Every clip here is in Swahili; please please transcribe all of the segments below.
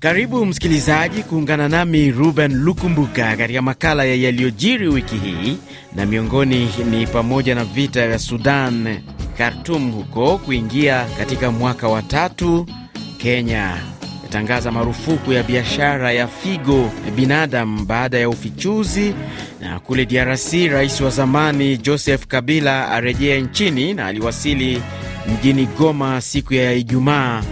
Karibu msikilizaji kuungana nami Ruben Lukumbuka katika makala ya yaliyojiri wiki hii, na miongoni ni pamoja na vita vya Sudan, Khartum huko kuingia katika mwaka wa tatu, Kenya yatangaza marufuku ya biashara ya figo ya binadamu baada ya ufichuzi, na kule DRC rais wa zamani Joseph Kabila arejea nchini na aliwasili mjini Goma siku ya Ijumaa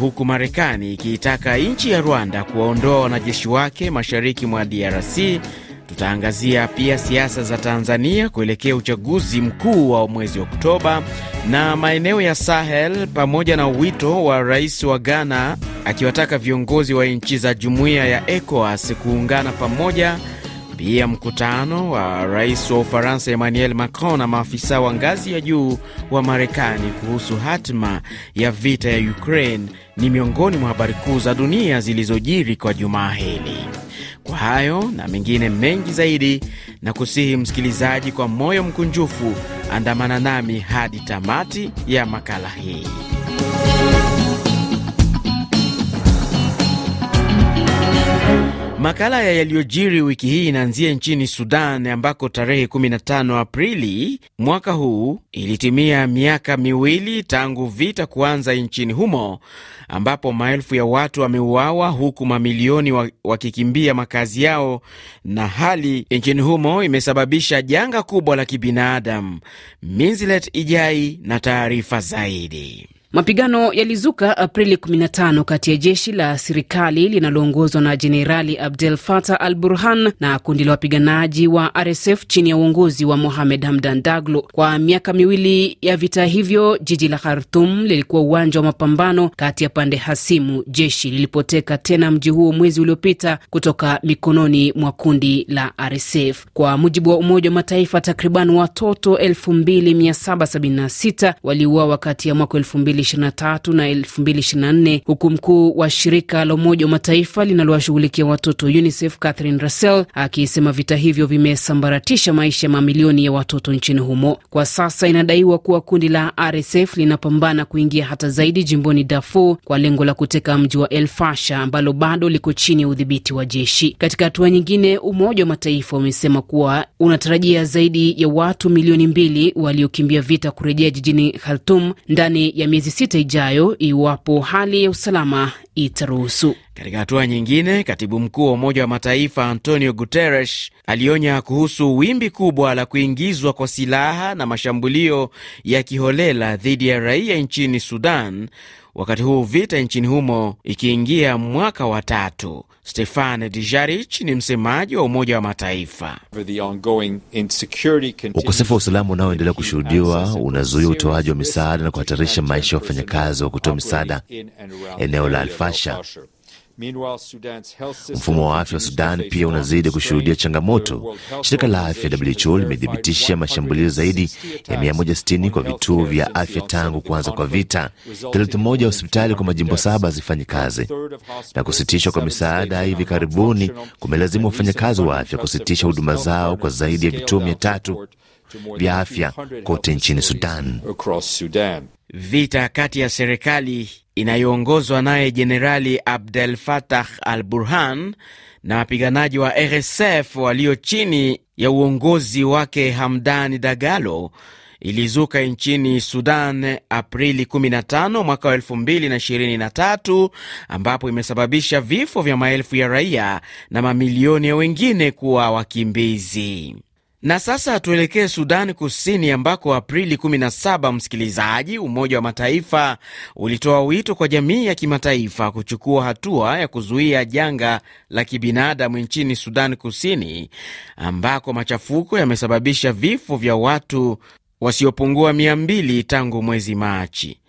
huku Marekani ikiitaka nchi ya Rwanda kuwaondoa wanajeshi wake mashariki mwa DRC. Tutaangazia pia siasa za Tanzania kuelekea uchaguzi mkuu wa mwezi Oktoba na maeneo ya Sahel, pamoja na wito wa rais wa Ghana akiwataka viongozi wa nchi za jumuiya ya ECOWAS kuungana pamoja. Pia mkutano wa rais wa Ufaransa Emmanuel Macron na maafisa wa ngazi ya juu wa Marekani kuhusu hatima ya vita ya Ukraine ni miongoni mwa habari kuu za dunia zilizojiri kwa jumaa hili. Kwa hayo na mengine mengi zaidi, na kusihi msikilizaji, kwa moyo mkunjufu, andamana nami hadi tamati ya makala hii. Makala ya yaliyojiri wiki hii inaanzia nchini Sudan ambako tarehe 15 Aprili mwaka huu ilitimia miaka miwili tangu vita kuanza nchini humo, ambapo maelfu ya watu wameuawa huku mamilioni wakikimbia makazi yao, na hali nchini humo imesababisha janga kubwa la kibinadamu. Minzilet Ijai na taarifa zaidi. Mapigano yalizuka Aprili 15 kati ya jeshi la serikali linaloongozwa na Jenerali Abdel Fattah al Burhan na kundi la wapiganaji wa RSF chini ya uongozi wa Mohamed Hamdan Daglo. Kwa miaka miwili ya vita hivyo, jiji la Khartum lilikuwa uwanja wa mapambano kati ya pande hasimu. Jeshi lilipoteka tena mji huo mwezi uliopita kutoka mikononi mwa kundi la RSF. Kwa mujibu wa Umoja wa Mataifa, takriban watoto 2776 waliuawa kati ya mwaka 2023 na 2024, huku mkuu wa shirika la Umoja wa Mataifa linalowashughulikia watoto UNICEF Catherine Russell akisema vita hivyo vimesambaratisha maisha ya mamilioni ya watoto nchini humo. Kwa sasa inadaiwa kuwa kundi la RSF linapambana kuingia hata zaidi jimboni Darfur kwa lengo la kuteka mji wa El Fasha ambalo bado liko chini ya udhibiti wa jeshi. Katika hatua nyingine, Umoja wa Mataifa umesema kuwa unatarajia zaidi ya watu milioni mbili waliokimbia vita kurejea jijini Khartoum ndani ya miezi miezi sita ijayo iwapo hali ya usalama itaruhusu. Katika hatua nyingine, katibu mkuu wa Umoja wa Mataifa Antonio Guterres alionya kuhusu wimbi kubwa la kuingizwa kwa silaha na mashambulio ya kiholela dhidi ya raia nchini Sudan, wakati huu vita nchini humo ikiingia mwaka wa tatu. Stefan Dijarich ni msemaji wa Umoja wa Mataifa. Ukosefu wa usalama unaoendelea kushuhudiwa unazuia utoaji wa misaada na kuhatarisha maisha ya wafanyakazi wa kutoa misaada eneo la Alfa Fasha. Mfumo wa afya wa Sudan pia unazidi kushuhudia changamoto. Shirika la afya WHO limethibitisha mashambulio zaidi ya 160 kwa vituo vya afya tangu kuanza kwa vita, theluthi moja ya hospitali kwa majimbo saba hazifanyi kazi, na kusitishwa kwa misaada hivi karibuni kumelazimu wafanyakazi wa afya kusitisha huduma zao kwa zaidi ya vituo mia tatu vya afya kote nchini Sudan. Vita kati ya serikali inayoongozwa naye Jenerali Abdel Fattah al Burhan na wapiganaji wa RSF walio chini ya uongozi wake Hamdan Dagalo ilizuka nchini Sudan Aprili 15 mwaka 2023 ambapo imesababisha vifo vya maelfu ya raia na mamilioni ya wengine kuwa wakimbizi. Na sasa tuelekee Sudani Kusini ambako Aprili 17, msikilizaji, Umoja wa Mataifa ulitoa wito kwa jamii ya kimataifa kuchukua hatua ya kuzuia janga la kibinadamu nchini Sudani Kusini ambako machafuko yamesababisha vifo vya watu wasiopungua 200 tangu mwezi Machi.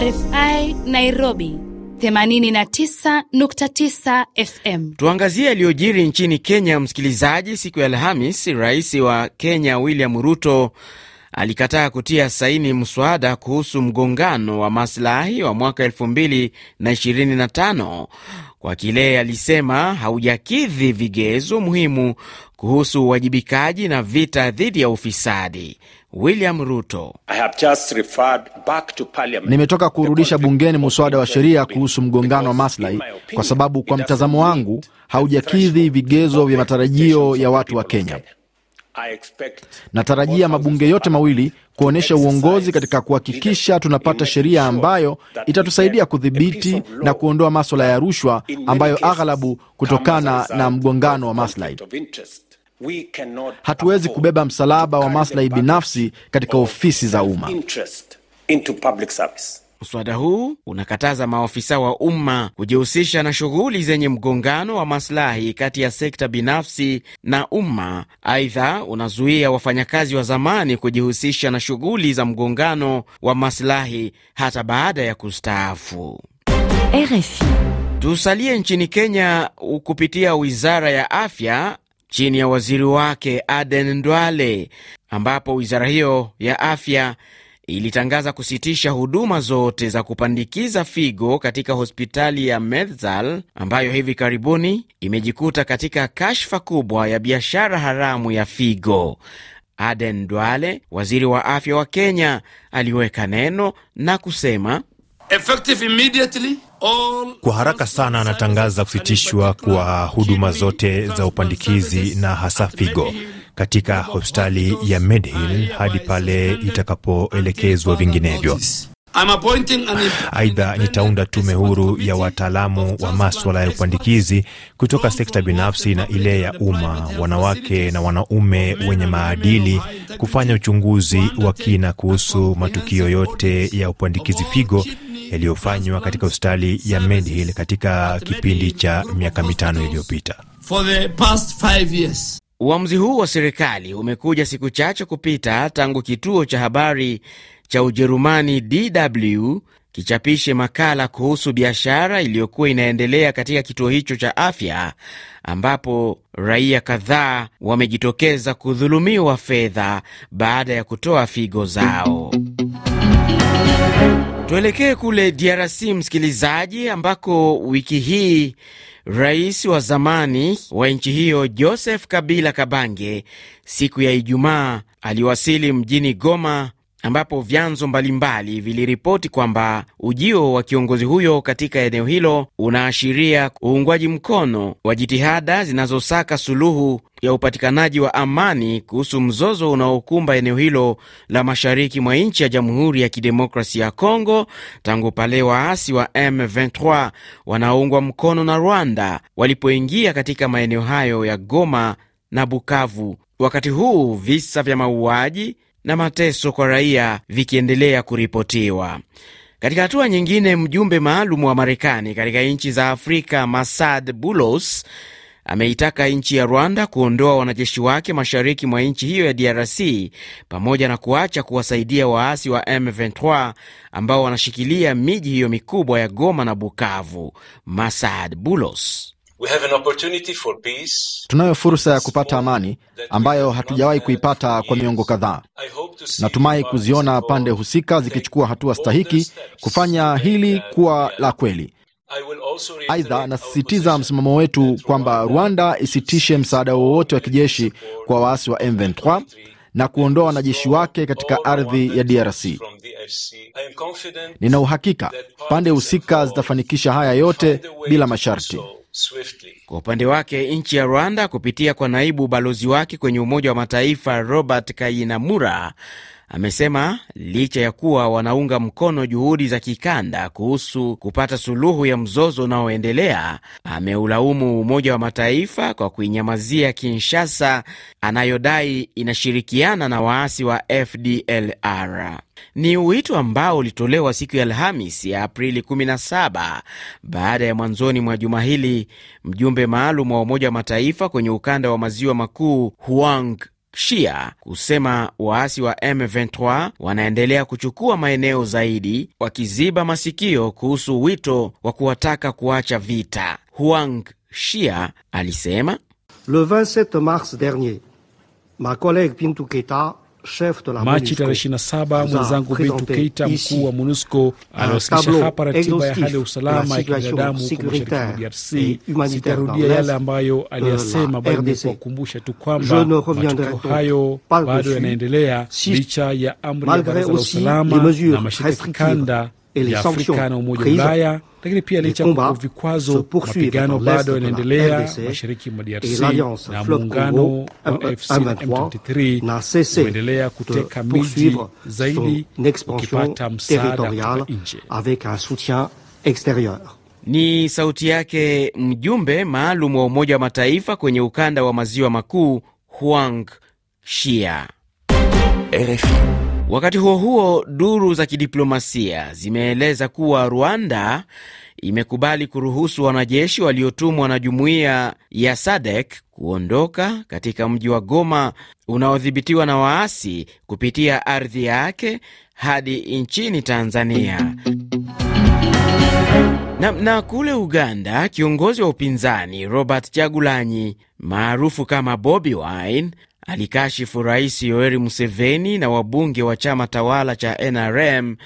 RFI Nairobi 89.9 FM. Tuangazie yaliyojiri nchini Kenya, msikilizaji. Siku ya Alhamis, rais wa Kenya William Ruto alikataa kutia saini mswada kuhusu mgongano wa maslahi wa mwaka 2025 kwa kile alisema haujakidhi vigezo muhimu kuhusu uwajibikaji na vita dhidi ya ufisadi. William Ruto: nimetoka kuurudisha bungeni muswada wa sheria kuhusu mgongano wa maslahi, kwa sababu kwa mtazamo wangu haujakidhi vigezo vya matarajio ya watu wa Kenya. Natarajia mabunge yote mawili kuonyesha uongozi katika kuhakikisha tunapata sheria ambayo itatusaidia kudhibiti na kuondoa maswala ya rushwa ambayo aghalabu kutokana na mgongano wa maslahi. Hatuwezi kubeba msalaba wa maslahi binafsi katika ofisi za umma. Mswada huu unakataza maofisa wa umma kujihusisha na shughuli zenye mgongano wa maslahi kati ya sekta binafsi na umma. Aidha, unazuia wafanyakazi wa zamani kujihusisha na shughuli za mgongano wa maslahi hata baada ya kustaafu. RFI. Tusalie nchini Kenya kupitia Wizara ya Afya chini ya waziri wake Aden Ndwale ambapo wizara hiyo ya afya ilitangaza kusitisha huduma zote za kupandikiza figo katika hospitali ya Medzal ambayo hivi karibuni imejikuta katika kashfa kubwa ya biashara haramu ya figo. Aden Duale, waziri wa afya wa Kenya, aliweka neno na kusema kwa haraka sana anatangaza kusitishwa kwa huduma zote za upandikizi na hasa figo katika hospitali ya Medhill hadi pale itakapoelekezwa vinginevyo. Aidha, nitaunda tume huru ya wataalamu wa maswala ya upandikizi kutoka sekta binafsi na ile ya umma, wanawake na wanaume wenye maadili, kufanya uchunguzi wa kina kuhusu matukio yote ya upandikizi figo yaliyofanywa katika hospitali ya Medhill katika kipindi cha miaka mitano iliyopita. Uamuzi huu wa serikali umekuja siku chache kupita tangu kituo cha habari cha Ujerumani DW kichapishe makala kuhusu biashara iliyokuwa inaendelea katika kituo hicho cha afya ambapo raia kadhaa wamejitokeza kudhulumiwa fedha baada ya kutoa figo zao. Tuelekee kule DRC msikilizaji, ambako wiki hii rais wa zamani wa nchi hiyo Joseph Kabila Kabange siku ya Ijumaa aliwasili mjini Goma ambapo vyanzo mbalimbali viliripoti kwamba ujio wa kiongozi huyo katika eneo hilo unaashiria uungwaji mkono wa jitihada zinazosaka suluhu ya upatikanaji wa amani kuhusu mzozo unaokumba eneo hilo la mashariki mwa nchi ya Jamhuri ya kidemokrasi ya Kongo tangu pale waasi wa M23 wanaoungwa mkono na Rwanda walipoingia katika maeneo hayo ya Goma na Bukavu. Wakati huu visa vya mauaji na mateso kwa raia vikiendelea kuripotiwa. Katika hatua nyingine, mjumbe maalum wa Marekani katika nchi za Afrika Masad Bulos ameitaka nchi ya Rwanda kuondoa wanajeshi wake mashariki mwa nchi hiyo ya DRC pamoja na kuacha kuwasaidia waasi wa M23 ambao wanashikilia miji hiyo mikubwa ya Goma na Bukavu. Masad Bulos Tunayo fursa ya kupata amani ambayo hatujawahi kuipata kwa miongo kadhaa. Natumai kuziona pande husika zikichukua hatua stahiki kufanya hili kuwa la kweli. Aidha, nasisitiza msimamo wetu kwamba Rwanda isitishe msaada wowote wa kijeshi kwa waasi wa M23 na kuondoa wanajeshi wake katika ardhi ya DRC. Nina uhakika pande husika zitafanikisha haya yote bila masharti. Kwa upande wake, nchi ya Rwanda kupitia kwa naibu balozi wake kwenye Umoja wa Mataifa Robert Kayinamura Amesema licha ya kuwa wanaunga mkono juhudi za kikanda kuhusu kupata suluhu ya mzozo unaoendelea, ameulaumu Umoja wa Mataifa kwa kuinyamazia Kinshasa anayodai inashirikiana na waasi wa FDLR. Ni wito ambao ulitolewa siku ya Alhamis ya Aprili 17 baada ya mwanzoni mwa juma hili mjumbe maalum wa Umoja wa Mataifa kwenye ukanda wa maziwa makuu Huang Shia kusema waasi wa M23 wanaendelea kuchukua maeneo zaidi, wakiziba masikio kuhusu wito wa kuwataka kuacha vita. Huang Shia alisema Le 27 mars dernier ma collègue Pintu Keita Machi tarehe 27 mwenzangu Bintu Keita, mkuu wa MONUSCO, uh, aliwasilisha hapa ratiba ya hali ya usalama ya kibinadamu kwa mashariki mwa DRC. Sitarudia yale ambayo aliyasema, bali ni kuwakumbusha tu kwamba matukio hayo bado yanaendelea licha ya amri ya baraza la usalama na mashirika kikanda ya Afrika na Umoja wa Ulaya lakini pia licha ya vikwazo, mapigano bado yanaendelea mashariki mwa DRC na muungano wa FC M23 umeendelea kuteka miji zaidi ukipata msaada kutoka nje. Ni sauti yake mjumbe maalum wa Umoja wa Mataifa kwenye ukanda wa maziwa makuu Huang Shia, RFI. Wakati huo huo, duru za kidiplomasia zimeeleza kuwa Rwanda imekubali kuruhusu wanajeshi waliotumwa na jumuiya ya SADEK kuondoka katika mji wa Goma unaodhibitiwa na waasi kupitia ardhi yake hadi nchini Tanzania. Na, na kule Uganda, kiongozi wa upinzani Robert Chagulanyi maarufu kama Bobi Wine alikashifu Rais Yoweri Museveni na wabunge wa chama tawala cha NRM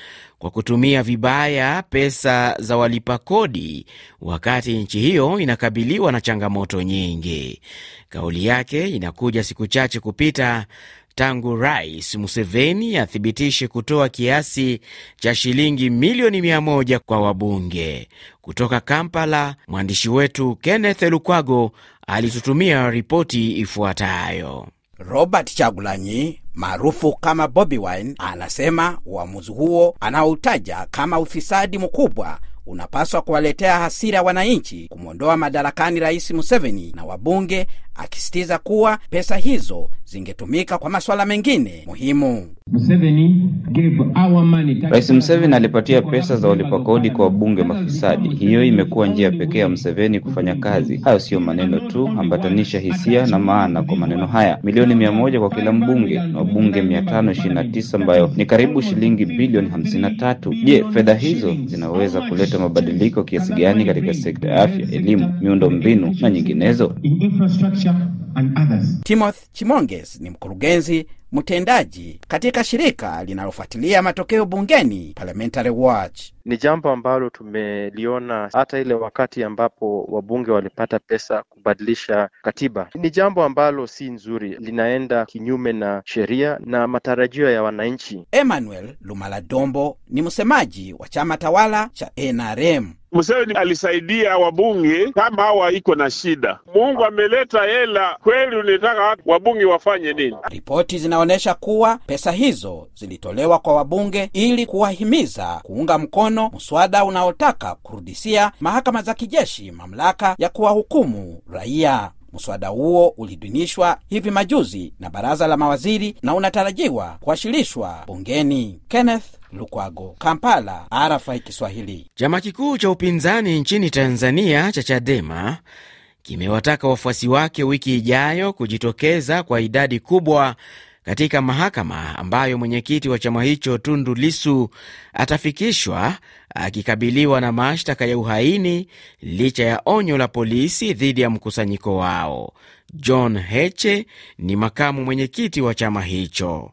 kwa kutumia vibaya pesa za walipa kodi wakati nchi hiyo inakabiliwa na changamoto nyingi. Kauli yake inakuja siku chache kupita tangu Rais Museveni athibitishe kutoa kiasi cha shilingi milioni mia moja kwa wabunge. Kutoka Kampala, mwandishi wetu Kenneth Lukwago alitutumia ripoti ifuatayo. Robert Chagulanyi maarufu kama Bobi Wine, anasema uamuzi huo anaoutaja kama ufisadi mkubwa unapaswa kuwaletea hasira wananchi, kumwondoa madarakani Rais Museveni na wabunge akisitiza kuwa pesa hizo zingetumika kwa masuala mengine muhimu. Rais Museveni alipatia pesa za walipakodi kwa wabunge mafisadi. Hiyo imekuwa njia pekee ya Museveni kufanya kazi. Hayo siyo maneno tu, ambatanisha hisia na maana kwa maneno haya. Milioni mia moja kwa kila mbunge na wabunge mia tano ishirini na tisa ambayo ni karibu shilingi bilioni hamsini na tatu. Je, fedha hizo zinaweza kuleta mabadiliko kiasi gani katika sekta ya afya, elimu, miundo mbinu na nyinginezo? timoth and others. Timothy Chimonges ni mkurugenzi mtendaji katika shirika linalofuatilia matokeo bungeni Parliamentary Watch. Ni jambo ambalo tumeliona hata ile wakati ambapo wabunge walipata pesa kubadilisha katiba. Ni jambo ambalo si nzuri, linaenda kinyume na sheria na matarajio ya wananchi. Emmanuel Lumaladombo ni msemaji wa chama tawala cha NRM. Museveni alisaidia wabunge kama hawa iko na shida. Mungu ameleta hela kweli, unataka wabunge wafanye nini? Ripoti zinaonyesha kuwa pesa hizo zilitolewa kwa wabunge ili kuwahimiza kuunga mkono mswada unaotaka kurudisia mahakama za kijeshi mamlaka ya kuwahukumu raia. Mswada huo ulidhinishwa hivi majuzi na baraza la mawaziri na unatarajiwa kuwasilishwa bungeni. Kenneth Lukwago, Kampala. RFI Kiswahili. Chama kikuu cha upinzani nchini Tanzania cha Chadema kimewataka wafuasi wake wiki ijayo kujitokeza kwa idadi kubwa katika mahakama ambayo mwenyekiti wa chama hicho Tundu Lisu atafikishwa akikabiliwa na mashtaka ya uhaini licha ya onyo la polisi dhidi ya mkusanyiko wao. John Heche ni makamu mwenyekiti wa chama hicho.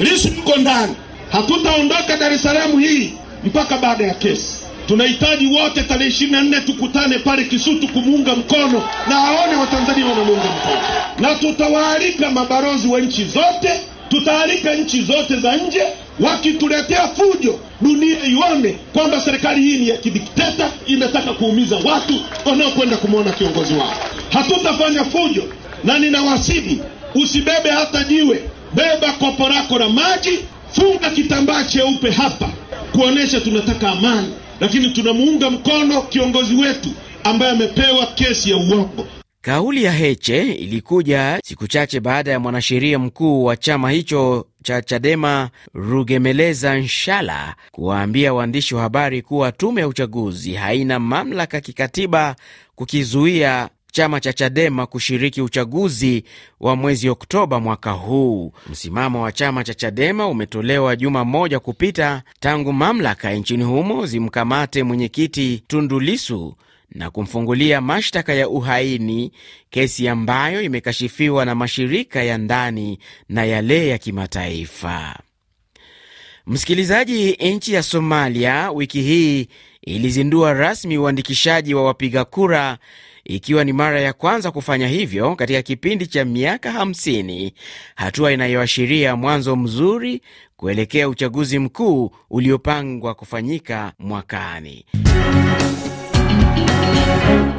Lisu yuko ndani Hatutaondoka Dar es Salaam hii mpaka baada ya kesi. Tunahitaji wote tarehe ishirini na nne tukutane pale Kisutu kumuunga mkono na aone Watanzania wanamuunga mkono, na tutawaalika mabalozi wa nchi zote, tutaalika nchi zote za nje. Wakituletea fujo, dunia ione kwamba serikali hii ni ya kidikteta, inataka kuumiza watu wanaokwenda kumwona kiongozi wao. Hatutafanya fujo, na ninawasihi usibebe hata jiwe, beba kopo lako la maji. Funga kitambaa cheupe hapa kuonesha tunataka amani, lakini tunamuunga mkono kiongozi wetu ambaye amepewa kesi ya uongo. Kauli ya Heche ilikuja siku chache baada ya mwanasheria mkuu wa chama hicho cha Chadema Rugemeleza Nshala kuwaambia waandishi wa habari kuwa tume ya uchaguzi haina mamlaka kikatiba kukizuia chama cha Chadema kushiriki uchaguzi wa mwezi Oktoba mwaka huu. Msimamo wa chama cha Chadema umetolewa juma moja kupita tangu mamlaka nchini humo zimkamate mwenyekiti Tundu Lissu na kumfungulia mashtaka ya uhaini, kesi ambayo imekashifiwa na mashirika ya ndani na yale ya kimataifa. Msikilizaji, nchi ya Somalia wiki hii ilizindua rasmi uandikishaji wa wapiga kura ikiwa ni mara ya kwanza kufanya hivyo katika kipindi cha miaka 50, hatua inayoashiria mwanzo mzuri kuelekea uchaguzi mkuu uliopangwa kufanyika mwakani.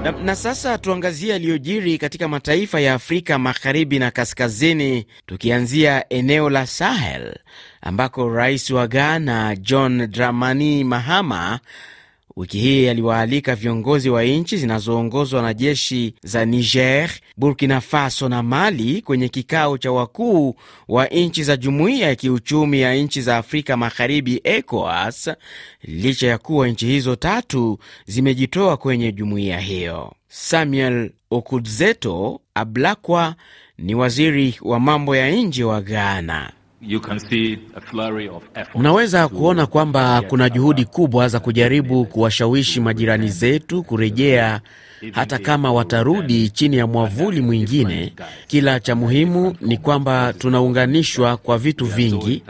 Na, na sasa tuangazie yaliyojiri katika mataifa ya Afrika magharibi na kaskazini, tukianzia eneo la Sahel ambako rais wa Ghana John Dramani Mahama Wiki hii aliwaalika viongozi wa nchi zinazoongozwa na jeshi za Niger, Burkina Faso na Mali kwenye kikao cha wakuu wa nchi za jumuiya ya kiuchumi ya nchi za Afrika Magharibi, ECOWAS, licha ya kuwa nchi hizo tatu zimejitoa kwenye jumuiya hiyo. Samuel Okudzeto Ablakwa ni waziri wa mambo ya nje wa Ghana. Unaweza kuona kwamba kuna juhudi kubwa za kujaribu kuwashawishi majirani zetu kurejea, hata kama watarudi chini ya mwavuli mwingine. Kila cha muhimu ni kwamba tunaunganishwa kwa vitu vingi.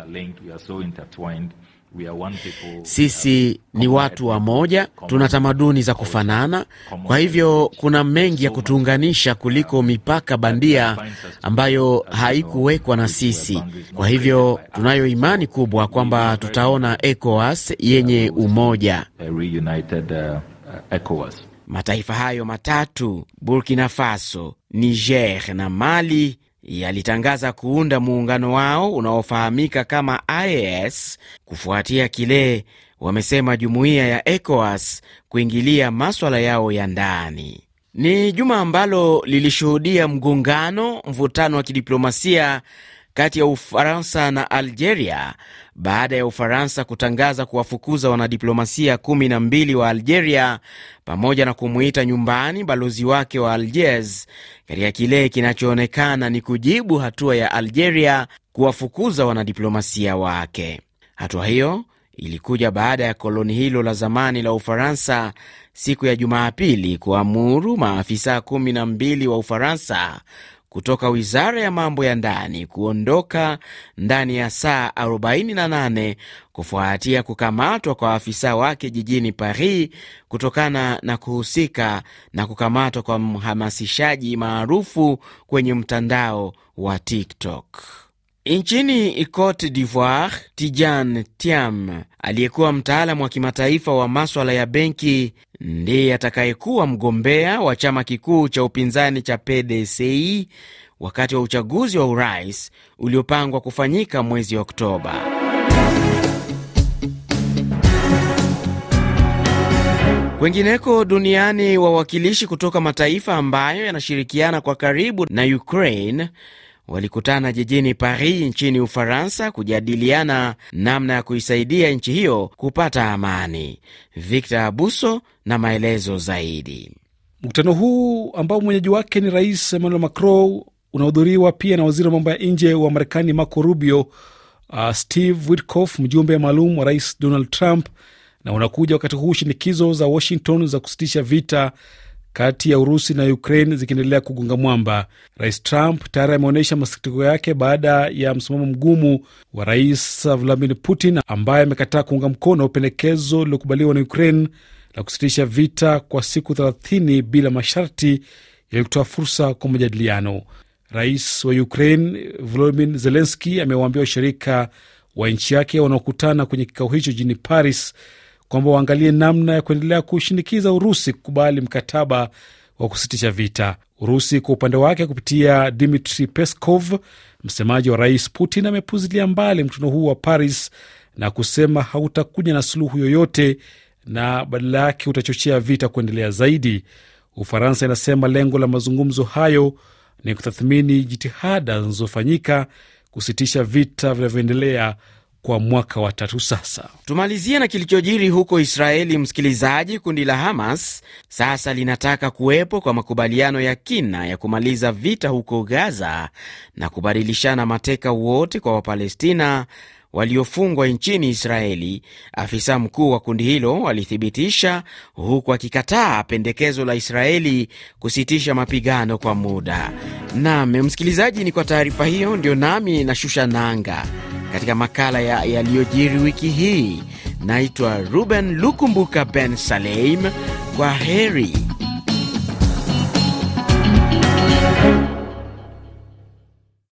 Sisi ni watu wa moja, tuna tamaduni za kufanana. Kwa hivyo kuna mengi ya kutuunganisha kuliko mipaka bandia ambayo haikuwekwa na sisi. Kwa hivyo tunayo imani kubwa kwamba tutaona ECOWAS yenye umoja. Uh, uh, Mataifa hayo matatu Burkina Faso, Niger na Mali yalitangaza kuunda muungano wao unaofahamika kama IAS kufuatia kile wamesema jumuiya ya ECOWAS kuingilia maswala yao ya ndani. Ni juma ambalo lilishuhudia mgongano, mvutano wa kidiplomasia kati ya Ufaransa na Algeria baada ya Ufaransa kutangaza kuwafukuza wanadiplomasia kumi na mbili wa Algeria pamoja na kumuita nyumbani balozi wake wa Algiers katika kile kinachoonekana ni kujibu hatua ya Algeria kuwafukuza wanadiplomasia wake. Hatua hiyo ilikuja baada ya koloni hilo la zamani la Ufaransa siku ya Jumapili kuamuru maafisa kumi na mbili wa Ufaransa kutoka wizara ya mambo ya ndani kuondoka ndani ya saa 48 kufuatia kukamatwa kwa afisa wake jijini Paris kutokana na kuhusika na kukamatwa kwa mhamasishaji maarufu kwenye mtandao wa TikTok. Nchini Cote d'Ivoire, Tijan Tiam aliyekuwa mtaalamu wa kimataifa wa maswala ya benki ndiye atakayekuwa mgombea wa chama kikuu cha upinzani cha PDCI wakati wa uchaguzi wa urais uliopangwa kufanyika mwezi Oktoba. Kwengineko duniani, wawakilishi kutoka mataifa ambayo yanashirikiana kwa karibu na Ukraine walikutana jijini Paris nchini Ufaransa kujadiliana namna ya kuisaidia nchi hiyo kupata amani. Victor Abuso na maelezo zaidi. Mkutano huu ambao mwenyeji wake ni Rais Emmanuel Macron unahudhuriwa pia na waziri wa mambo ya nje wa Marekani Marco Rubio, uh, Steve Witkoff mjumbe maalum wa Rais Donald Trump, na unakuja wakati huu shinikizo za Washington za kusitisha vita kati ya Urusi na Ukraine zikiendelea kugonga mwamba, Rais Trump tayari ameonyesha masikitiko yake baada ya msimamo mgumu wa Rais Vladimir Putin ambaye amekataa kuunga mkono pendekezo lililokubaliwa na Ukraine la kusitisha vita kwa siku 30 bila masharti yaliyotoa fursa kwa majadiliano. Rais wa Ukraine Volodymyr Zelensky amewaambia washirika wa nchi yake wanaokutana kwenye kikao hicho jijini Paris kwamba waangalie namna ya kuendelea kushinikiza Urusi kukubali mkataba wa kusitisha vita. Urusi kwa upande wake, kupitia Dmitri Peskov, msemaji wa rais Putin, amepuzilia mbali mkutano huu wa Paris na kusema hautakuja na suluhu yoyote na badala yake utachochea vita kuendelea zaidi. Ufaransa inasema lengo la mazungumzo hayo ni kutathmini jitihada zinazofanyika kusitisha vita vinavyoendelea kwa mwaka wa tatu sasa. Tumalizie na kilichojiri huko Israeli, msikilizaji. Kundi la Hamas sasa linataka kuwepo kwa makubaliano ya kina ya kumaliza vita huko Gaza na kubadilishana mateka wote kwa Wapalestina waliofungwa nchini Israeli. Afisa mkuu wa kundi hilo alithibitisha, huku akikataa pendekezo la Israeli kusitisha mapigano kwa muda. Nam msikilizaji, ni kwa taarifa hiyo ndio nami nashusha nanga katika makala ya yaliyojiri wiki hii. Naitwa Ruben Lukumbuka Ben Saleim. Kwa heri.